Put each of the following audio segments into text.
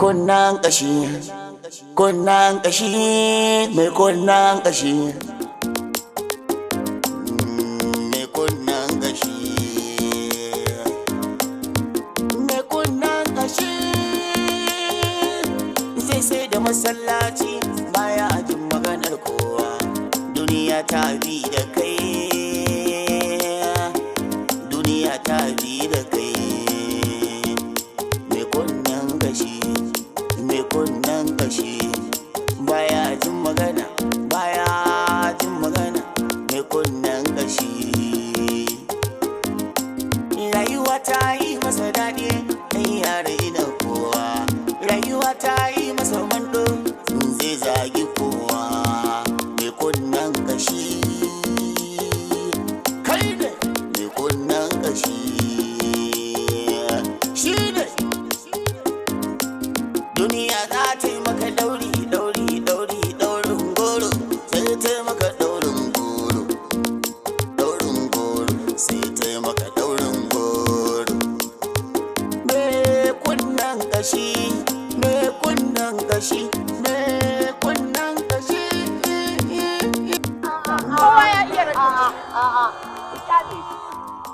kunnan kashi kunnan kashi mai kunnan kashi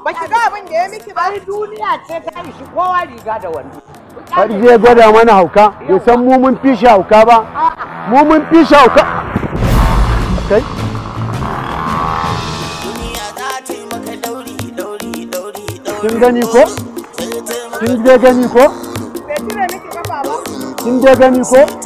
Ba ki ga abin da ya miki ba. Ai duniya ce ta shi kowa riga da wando. Har zai gwada mana hauka, ya san mu mun fi shi hauka ba. Mu mun fi shi hauka. Kai. Kin gani ko? Kin je gani ko? Bai miki kafa ba. Kin gani ko?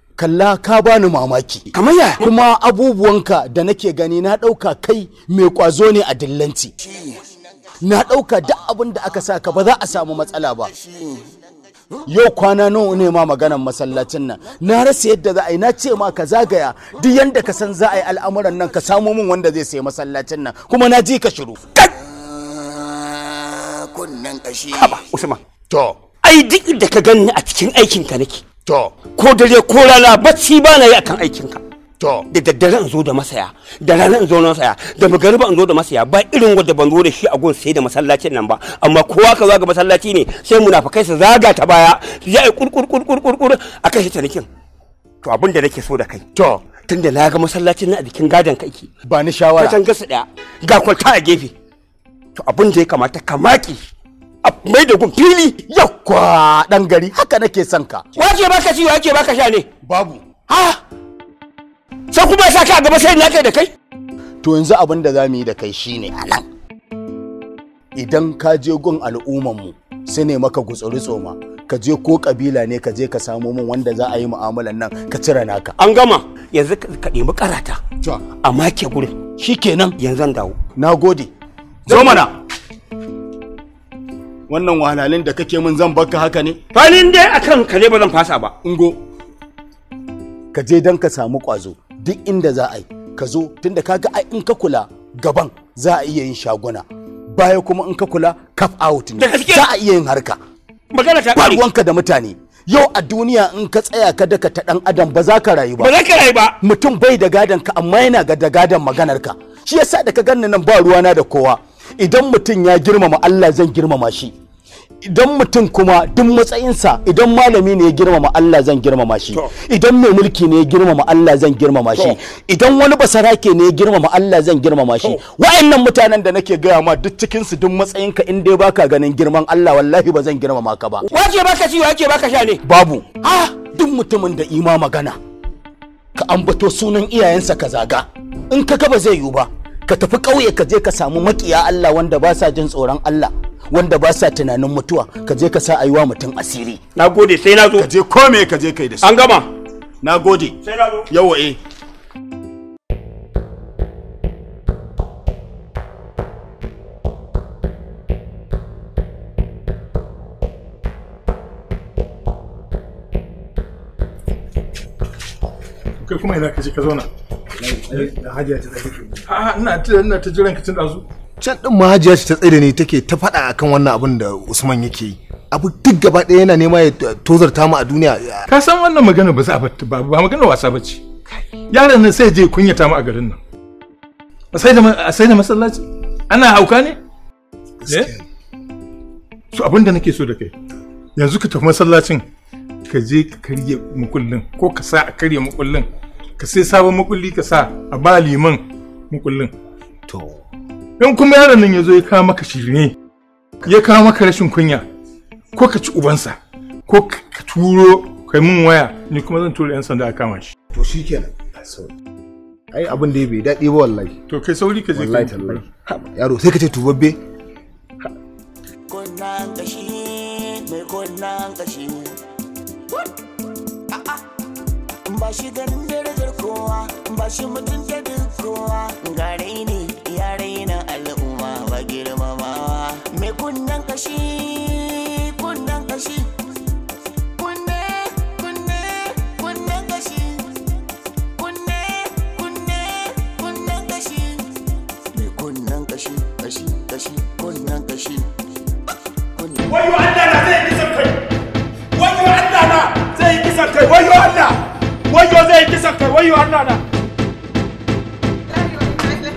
kalla ka bani mamaki kamar ya kuma abubuwanka da nake gani na ɗauka kai mai kwazo ne a dillanci na ɗauka duk abin da aka saka ba za a samu matsala ba yau kwana nawa ne ma maganan masallacin nan na rasa yadda za a yi na ce ma ka zagaya duk yanda ka san za a yi al'amuran nan ka samu min wanda zai sayi masallacin nan kuma na ji ka shiru ah, kunnan kashi haba usman to ai duk da ka gani a cikin aikin ka nake To. Ko dare ko rana bacci ba na yi akan aikinka. To. Da daddare in zo da masaya, da rana in zo da masaya, da magariba in zo da masaya ba irin wanda ban zo da shi a gun sai da masallacin nan ba. Amma kowa ka zaga masallaci ne sai munafukai su zaga ta baya, su ya yi kurkurkurkurkurkur a kan shi cinikin. To abin da nake so da kai. To. da na ga masallacin na a jikin gadon ka Ba ni shawara. Ka can gasa ɗaya. Ga kwalta a gefe. To abin da ya kamata ka maki. a mai da gun fili yakwa dan gari haka nake son ka wace baka ci wace baka sha ne babu ha sai kuma sa ka gaba sai na kai da kai to yanzu abin da za mu yi da kai shine a idan ka je gun al'umman mu sai ne maka gutsuri tsoma ka je ko kabila ne ka je ka samo min wanda za a yi mu'amalan nan ka cire naka an gama yanzu ka nemi karata a make gurin shikenan yanzu dawo na gode zo mana wannan wahalalin da kake min zan baka haka ne falin dai akan kare ba zan fasa ba ungo ka je dan ka samu kwazo duk inda za a yi ka zo tunda kaga ai in ka kula gaban za a iya yin shaguna baya kuma in ka kula cup out ne za a iya yin harka magana ta ruwanka da mutane yau a duniya in ka tsaya ka daka ta dan adam ba za ka rayu ba ba za ka rayu ba mutum bai da gadon ka amma yana ga da gadon maganar ka shi yasa da ka ganni nan ba ruwana da kowa idan mutum ya girmama Allah zan girmama shi idan mutum kuma duk matsayinsa idan malami ne ya girmama Allah zan girmama shi idan mai mulki ne ya girmama Allah zan girmama shi idan wani basarake ne ya girmama Allah zan girmama shi wa'annan mutanen da nake gaya ma duk cikin su duk matsayinka in dai baka ganin girman Allah wallahi ba zan girmama ka ba wace baka ci wace baka sha ne babu ha duk mutumin da ima magana ka ambato sunan iyayensa ka zaga in ka ba zai yiwu ba ka tafi ƙauye ka je ka samu makiya Allah wanda ba sa jin tsoron Allah wanda ba sa tunanin mutuwa ka je ka sa a yi wa mutum asiri na gode sai na zo ka je kome ka je kai da shi an gama na gode sai na zo yawa eh kai kuma ina ka je ka zauna da hajiya ta tsaye a ina ta ina ta jiran ka tun dazu can din ma ce ta tsaye da ni take ta faɗa akan wannan abin da Usman yake yi abu duk gaba ɗaya yana nema ya tozarta mu a duniya ka san wannan magana ba za ba ba magana wasa bace yaran nan sai je kunyata mu a garin nan sai da sai da masallaci ana hauka ne su eh? abin da nake so da kai yanzu ka tafi masallacin ka je ka karye mukullin ko ka sa a karye mukullin ka sai sabon makulli ka sa a ba liman makullin to in kuma yaron nan ya zo ya kawo maka shirne, ya kawo maka rashin kunya ko ka ci ubansa ko ka turo kai min waya ni kuma zan turo yan sanda a kama shi to shikenan ai abin da ya bai daɗi ba wallahi to kai sauri ka je wallahi tallahi yaro sai ka ce tubabbe kunnan kashi mai kunnan kashi ba shi ganin shi mutum ta kowa gare ne ya raina al'umma ba girmamawa me kunnen kashi kunnen kashi wayo Allah na zai Allah na zai kisan kai wayo Allah wayo zai kisan kai Allah na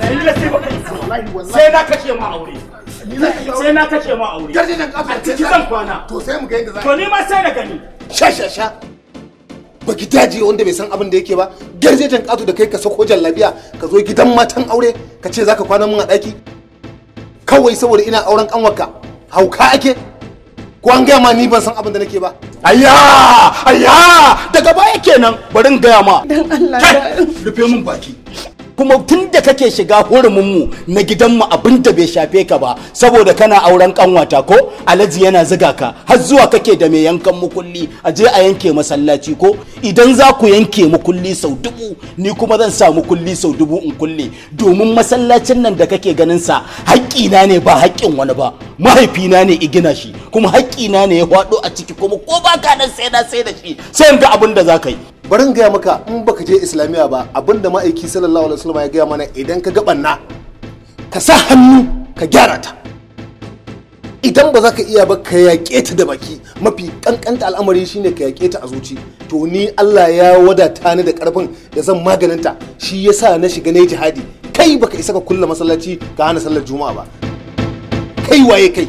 sai na kace ma aure sai na kace ma aure garje nan kafin ciki zan kwana to sai mu ga yadda za to ni ma sai na gani sha sha sha baki daji wanda bai san abin da yake ba garje jan katu da kai ka sako jallabiya ka zo gidan matan aure ka ce zaka kwana mun a daki kawai saboda ina auren kanwarka hauka ake ko an gaya ma ni ban san abin da nake ba ayya ayya daga baya kenan bari in gaya ma dan Allah rufe mun baki kuma tun da kake shiga hurumin mu na gidanmu abin da bai shafe ka ba saboda kana auren kanwata ko alhaji yana ziga ka har zuwa kake da mai yankan mukulli a je a yanke masallaci ko idan za ku yanke mukulli sau dubu ni kuma zan sa mukulli sau dubu in kulle domin masallacin nan da kake ganin sa haƙƙina ne ba haƙƙin wani ba mahaifina ne i gina shi kuma haƙƙina ne ya faɗo a ciki kuma ko ba ka nan sai na sai da shi sai ga abin da za ka yi barin gaya maka in baka je islamiyya ba abinda ma'aiki sallallahu alaihi wasallam ya gaya mana idan ka gabanna ka sa hannu ka gyara ta idan ba za ka iya ba ka yaƙe ta da baki mafi ƙanƙanta al'amari shine ka yaƙe ta a zuci to ni Allah ya wadata ni da ƙarfin da zan maganinta shi yasa na shiga na jihadi kai baka isa ka kulla masallaci ka hana sallar juma'a ba kai waye kai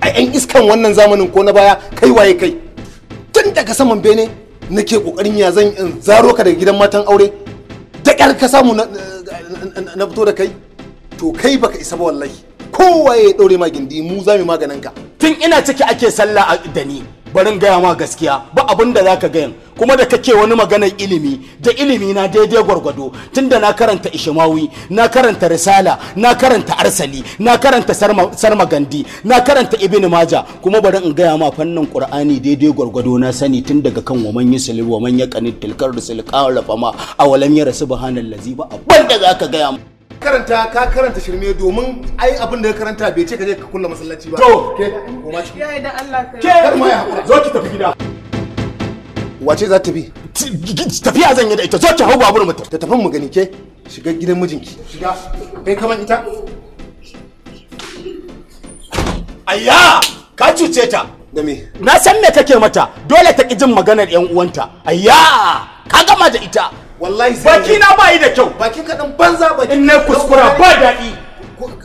a 'yan iskan wannan zamanin ko na baya kai waye kai tun daga saman bene nake kokarin ya zan in zaro ka daga gidan matan aure da ƙyar ka samu na fito da kai to kai baka isa ba wallahi kowa ya ɗaure ma gindi mu za mu maganin ka tun ina ciki ake sallah da ni barin gaya ma gaskiya ba abin da zaka gayan kuma da kake wani maganar ilimi da ilimi na daidai gwargwado tunda na karanta ishimawi na karanta risala na karanta arsali na karanta sarmagandi na karanta ibn maja kuma bari in gaya ma fannin qur'ani daidai gwargwado na sani tun daga kan wa man yusul wa man yaqanit tilkar rusul qala fama awalam yara subhanallazi ba abin da zaka gaya ma karanta ka karanta shirme domin ai abin da ka karanta bai ce ka je ka kulla masallaci ba to ke koma ciki ya da Allah ka kar ma ya zo ki tafi gida wace za ta bi tafiya zan yi da ita zo ki hau babur mu ta tafi mu gani ke shiga gidan mijinki shiga kai kaman ita ayya ka cuce ta da me na san me kake mata dole ta ki jin maganar yan uwanta ayya ka gama da ita wallahi sai baki na ba yi da kyau bakin ka dan banza baki in na kuskura ba daɗi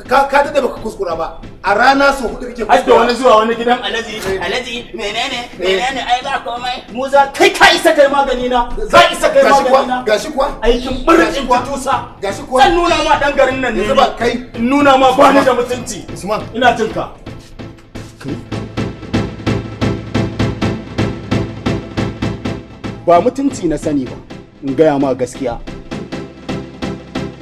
ka ka da baka kuskura ba a rana sau hudu kake kuskura hadda wani zuwa wani gidan alaji eh. alaji menene eh. menene ai ba komai mu za kai ka isa kai magani na za isa kai magani na gashi kuwa aikin burin kuwa tusa gashi kuwa zan nuna ma dan garin nan ne eh, ba kai nuna ma ba ni da mutunci usman ina jinka ba mutunci na sani ba in gaya ma gaskiya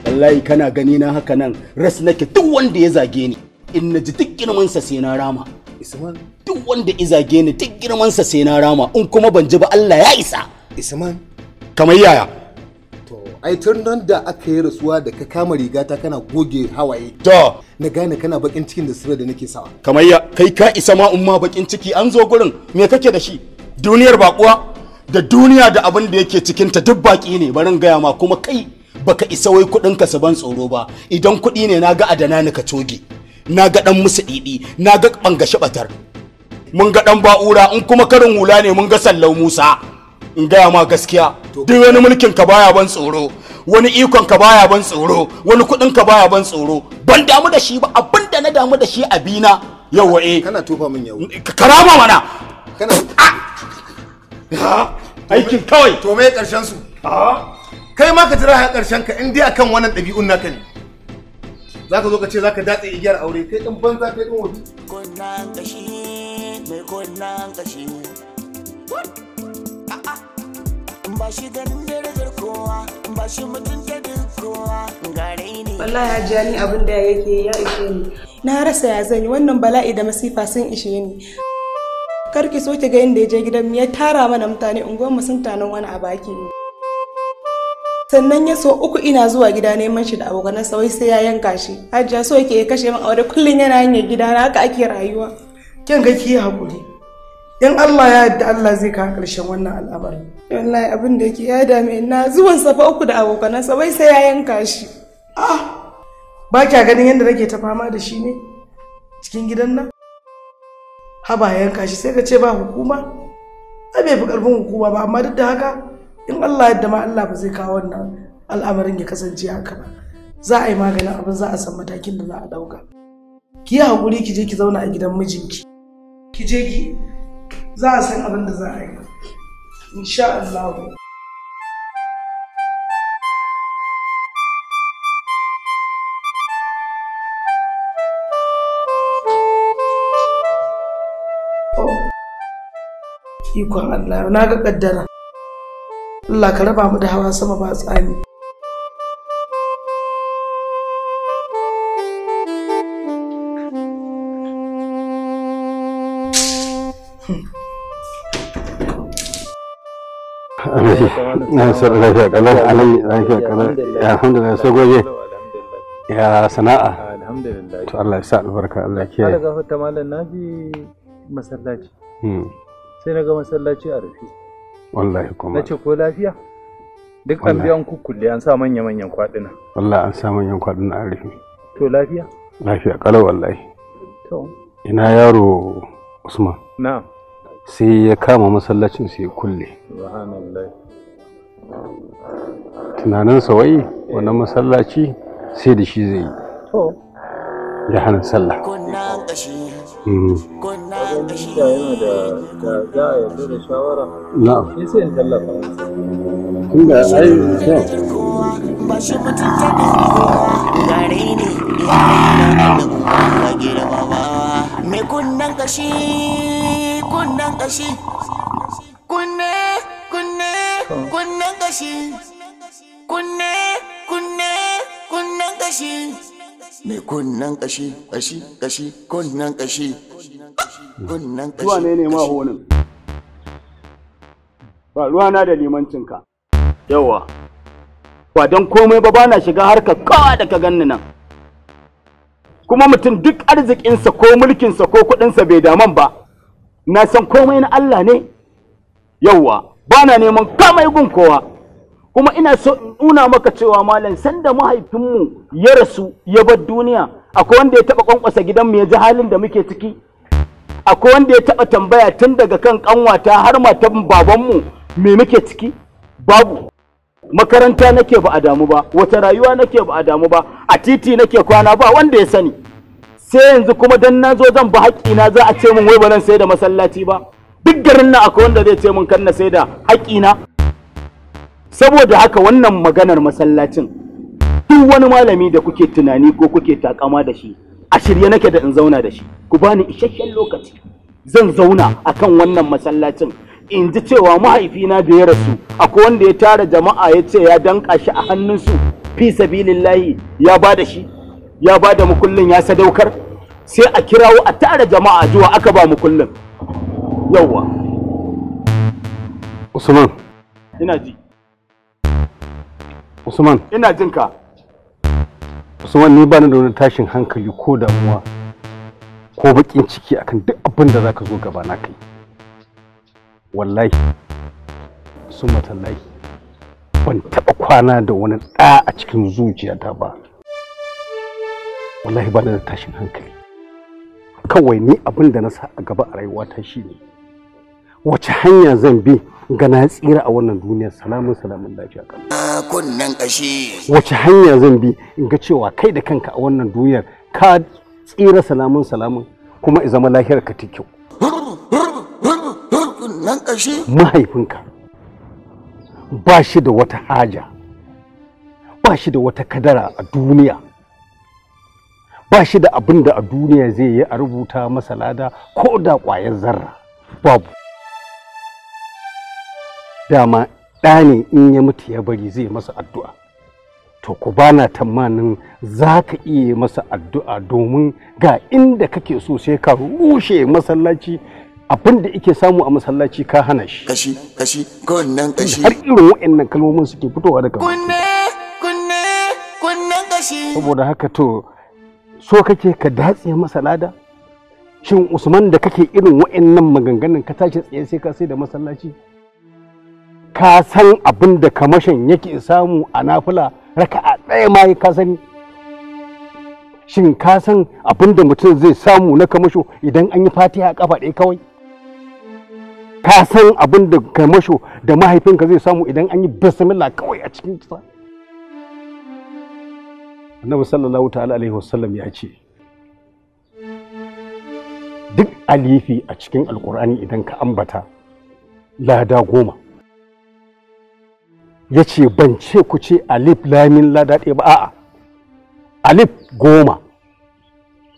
wallahi kana gani na haka nan ras nake duk wanda ya zage ni in na ji duk girmansa sai na rama isman duk wanda ya zage ni duk girmansa sai na rama in kuma ban ji ba Allah ya isa isman kamar yaya to ai tun nan da aka yi rasuwa da ka kama rigata kana goge hawaye to na gane kana bakin cikin da sura da nake sawa kamar ya kai ka isa ma umma bakin ciki an zo gurin me kake da shi duniyar bakuwa da duniya da abin da yake cikinta duk baki ne barin gaya ma kuma kai baka isa wai kuɗin ka saban tsoro ba idan kuɗi ne na ga adana ni ka coge na ga ɗan musu ɗiɗi na ga ɓangashe ɓatar mun ga ɗan ba'ura in kuma karin hula ne mun ga sallau musa in gaya ma gaskiya duk wani mulkin ka baya ban tsoro wani ikon ka baya ban tsoro wani kuɗin ka baya ban tsoro ban damu da shi ba abin da na damu da shi a bina yawa eh kana tufa min yau karama mana kana ah! aikin kawai to me karshen su kai ma ka jira har karshen ka in dai akan wannan ɗabi'un naka ne zaka zo ka ce zaka datse igiyar aure kai din banza kai din wani kunnan kashi mai kunnan kashi ba shi ganin darajar kowa ba shi mutunta kowa gare ni wallahi hajjani abin da yake ya ishe ni na rasa ya zanyi wannan bala'i da masifa sun ishe ni kar ki so ki ga inda ya je gidan ya tara mana mutane unguwarmu sun tanan wani a baki ne sannan ya so uku ina zuwa gida neman shi da abokan sa wai sai ya yanka shi hajiya so yake ya kashe min aure kullun yana yin gida na haka ake rayuwa kin ga ki hakuri in Allah ya yarda Allah zai kawo karshen wannan al'amari wallahi abin da yake ya dame na zuwan safa uku da abokan sa wai sai ya yanka shi ah ba kya ganin yadda nake ta fama da shi ne cikin gidan nan haba yanka shi sai ka ce ba hukuma ai bai fi karfin hukuma ba amma duk da haka in Allah yadda ma Allah ba zai kawo wannan al'amarin ya kasance haka ba za a yi maganin abin za a san matakin da za a dauka ki yi hakuri ki je ki zauna a gidan mijinki ki je ki za a san abin da za a yi insha Allah ikon Allah na ga kaddara Allah ka raba mu da hawa sama ba tsani lafiya kalar alai lafiya kalar ya alhamdulillah sai ya sana'a to Allah ya sa albarka Allah ya kiyaye Allah malam naji masallaci hmm. sai na ga masallaci a rufe wallahi kuma na ce ko lafiya duk an biyan kulle an sa manya-manyan kwaɗina wallahi an sa manyan kwaɗina a rufe to lafiya lafiya kalau wallahi to ina yaro usman na'am sai ya kama masallacin sai ya kulle tunaninsa wai wannan masallaci sai da shi zai yi ya hana sallah wajen da yana da da za a yarda da shawara na'am shi sai in da kyau ba shi mutunta da gare ne ya da kuma ba ba me kunnan kashi kunnan kashi kunne kunne kunnan kashi kunne kunne kunnan kashi mai kunnan kashi kashi kashi kunnan kashi kunnan kashi zuwa ne ne ma honin ba ruwa na da limancinka yawa ba don komai ba bana shiga harkar kawa da ka ganni nan kuma mutum duk arzikinsa ko mulkinsa ko kuɗinsa bai daman ba na san komai na Allah ne Yawa. bana neman kamai gun kowa kuma ina so in nuna maka cewa malam sanda mahaifinmu ya rasu ya bar duniya akwai wanda ya taba kwankwasa gidan mu ya ji halin da muke ciki akwai wanda ya taba tambaya tun daga kan kanwata har matan babanmu me muke ciki babu makaranta nake ba a damu ba wata rayuwa nake ba a damu ba a titi nake kwana ba wanda ya sani sai yanzu kuma dan na zo zan ba na za a ce min wai ba zan sai da masallaci ba duk garin nan akwai wanda zai ce min kan na sai da na? saboda haka wannan maganar masallacin duk wani malami da kuke tunani ko kuke takama da shi a shirye nake da in zauna da shi ku bani isasshen lokaci zan zauna akan wannan masallacin in ji cewa mahaifina da ya rasu akwai wanda ya tara jama'a ya ce ya danka shi a hannunsu fi sabilillahi ya ba da shi ya ba da mukullin ya sadaukar sai a kirawo a tara jama'a zuwa aka ba mukullin yawwa usman ina ji Usman. Ina jin ka. Usman ni ba ni da wani tashin hankali ko damuwa ko bakin ciki akan duk abin da zaka zo gaba na kai. Wallahi. Usman tallahi. Ban taba kwana da wani ɗa a cikin zuciyata ba. Wallahi ba da tashin hankali. Kawai ni abin da na sa a gaba a rayuwata shine. ne. wace hanya zan bi ga na tsira a wannan duniya salamun salamun lafiya kan kunnen kashi wace hanya zan bi in ga cewa kai da kanka a wannan duniyar ka tsira salamun salamun kuma i zama lahiyar ka ta kyau kunnen kashi mahaifinka ba shi da wata haja ba shi da wata kadara a duniya ba shi da abin da a duniya zai yi a rubuta masa lada ko da ƙwayar zarra babu dama ɗa ne in ya mutu ya bari zai masa addu'a to ku bana tamanin za ka iya masa addu'a domin ga inda kake so sai ka rushe masallaci abin da ike samu a masallaci ka hana shi kashi kashi nan kashi har irin wa'annan kalmomin suke fitowa daga kunne kunne kunnen kashi saboda haka to so kake ka datse masa shin usman da kake irin wa'annan maganganun ka tashi tsaye sai ka sai da masallaci ka san abin da kamashin yake samu a nafila a ɗaya ma ka sani shin ka san abin da mutum zai samu na kamasho idan an yi fatiha kafa ɗaya kawai ka san abin da kamasho da mahaifinka zai samu idan an yi bismillah kawai a cikin kisa annabi sallallahu ta'ala alaihi wasallam ya ce duk alifi a cikin alkur'ani idan ka ambata lada goma ya ce ban ce ku ce alif lamin ladaɗe ba a'a alif goma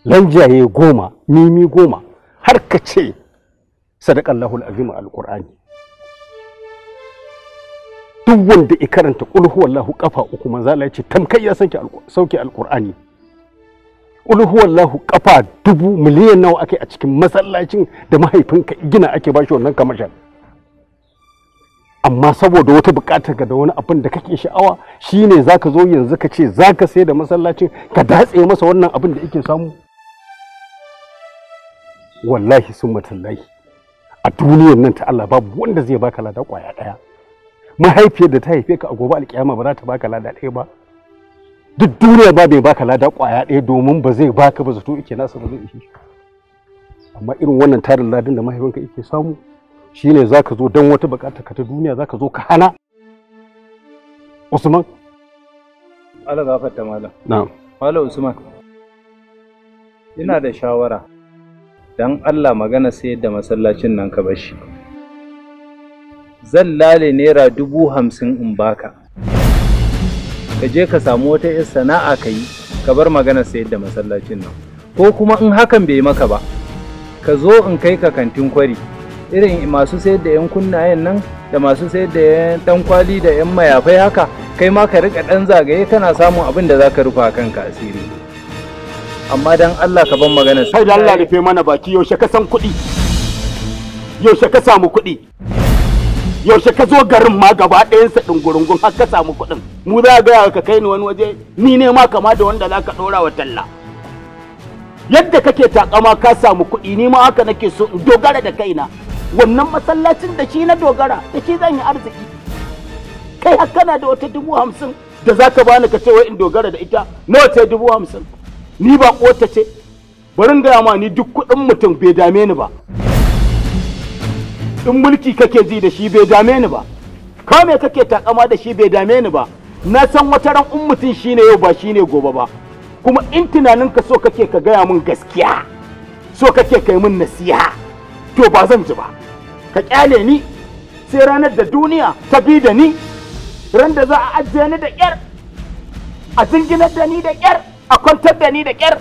lanjaye goma mimi goma har ka ce lahul azim alqur'ani duk wanda ya karanta qul huwallahu kafa uku manza Allah ya ce tamkai ya sanki sauki alqur'ani qul huwallahu kafa dubu miliyan nawa ake a cikin masallacin da mahaifinka gina ake bashi wannan kamashin amma saboda wata bukatar ka da wani abin da kake sha'awa shine zaka zo yanzu ka ce zaka sai da masallacin ka datse masa wannan abin da yake samu wallahi sun matallahi a duniyar nan ta Allah babu wanda zai baka lada kwaya ɗaya mahaifiyar da ta haife ka a gobe alƙiyama ba za ta baka lada ɗaya ba duk duniya ba bai baka lada kwaya ɗaya domin ba zai baka ba zato yake nasa ba zai ishe amma irin wannan tarin ladin da mahaifinka yake samu shine za ka zo don wata bukata ka ta duniya za ka zo ka hana usman ga fata malam na'am malam usman ina da shawara don allah magana sai da masallacin nan ka bashi zan lale naira dubu hamsin in baka ka je ka samu wata 'yar sana'a ka yi ka bar magana sayar da masallacin nan ko kuma in hakan bai maka ba ka zo in kai ka kantin kwari irin masu sayar da yan kunnayen nan da masu sayar da yan dan da yan mayafai haka kai ma ka rika dan zagaye kana samun abin da zaka rufa kanka asiri amma dan Allah ka ban magana sai da Allah rufe mana baki yaushe ka san kuɗi yaushe ka samu kuɗi yaushe ka zo garin ma gaba ɗayansa ɗungurungun har ka samu kuɗin mu za ga ka kai ni wani waje ni ne ma kama da wanda za ka ɗora wa talla yadda kake takama ka samu kuɗi ni ma haka nake so in dogara da kaina wannan masallacin da shi na dogara da shi zan yi arziki kai har kana da wata dubu hamsin da za ka bani ka ce wai in dogara da ita nawa ce dubu hamsin ni ba kota ce barin gaya ma ni duk kuɗin mutum bai dame ni ba in mulki kake ji da shi bai dame ni ba Ka me kake takama da shi bai dame ni ba na san wata ran in mutum shi ne yau ba shi ne gobe ba kuma in tunanin ka so kake ka gaya min gaskiya so kake kai min nasiha to ba zan ji ba ka kyale ni sai ranar da duniya ta bi da ni ran da za a ajiye ni da kyar a zinginar da ni da kyar a kwantar da ni da kyar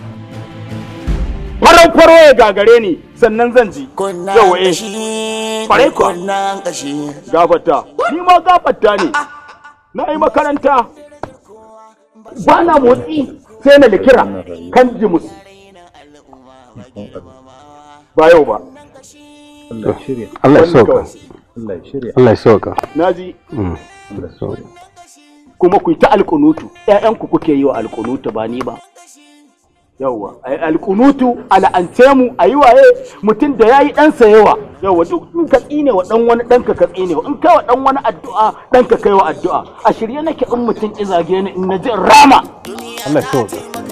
farar kwaro ya gagare ni sannan zan ji yawa eh kwarai kwa gafata ni ma gafata ne ah, ah. na yi makaranta ba na motsi sai na likira kan jimus ba yau ba Allah shirya Allah ya sauka Allah ya shirya Allah ya mm. Allah ya sauka kuma ku yi ta alkunutu 'ya'yanku kuke yi wa alkunutu ba ni ba yawwa ai alkunutu al'ance mu ayi waye mutum da yayi dan yawa, yawwa duk in ka tsine wa dan wani dan ka ka tsine wa in kai wa dan wani addu'a dan ka kai wa addu'a a shirye nake in mutum izage ni in naji rama Allah ya sauka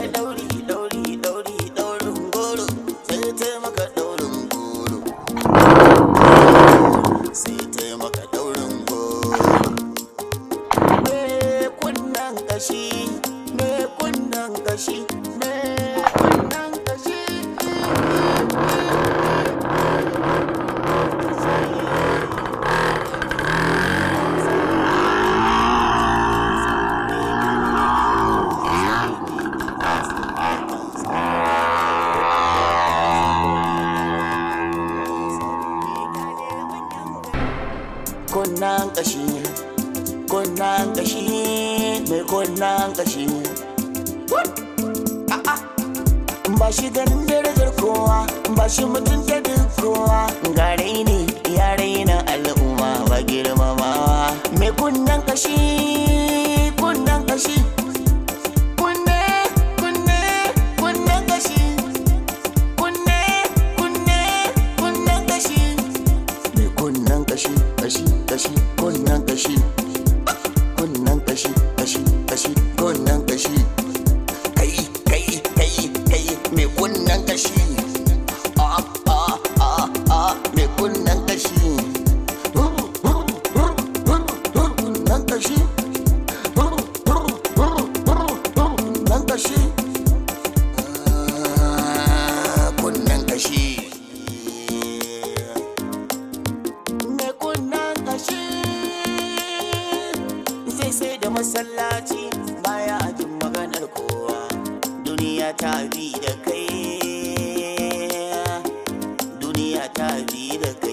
sha biyu da kai